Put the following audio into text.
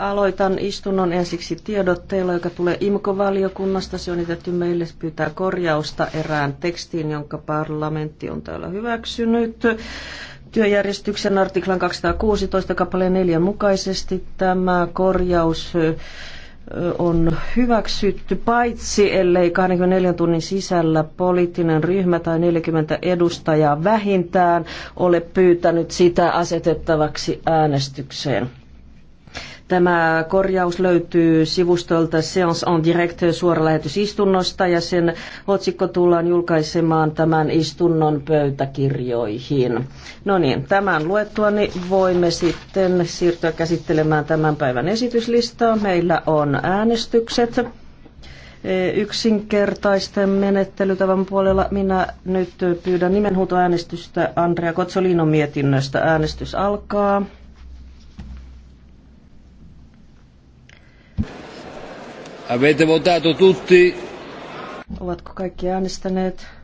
Aloitan istunnon ensiksi tiedotteella, joka tulee IMKO-valiokunnasta. Se on jätetty meille pyytää korjausta erään tekstiin, jonka parlamentti on täällä hyväksynyt. Työjärjestyksen artiklan 216 kappaleen 4 mukaisesti tämä korjaus on hyväksytty, paitsi ellei 24 tunnin sisällä poliittinen ryhmä tai 40 edustajaa vähintään ole pyytänyt sitä asetettavaksi äänestykseen. Tämä korjaus löytyy sivustolta Seance on Direct suoralähetysistunnosta ja sen otsikko tullaan julkaisemaan tämän istunnon pöytäkirjoihin. No niin, tämän luettua niin voimme sitten siirtyä käsittelemään tämän päivän esityslistaa. Meillä on äänestykset e, yksinkertaisten menettelytavan puolella. Minä nyt pyydän nimenhuutoäänestystä Andrea Kotsolinon mietinnöstä. Äänestys alkaa. Avete votato tutti? Ovatko kaikki äänestäneet?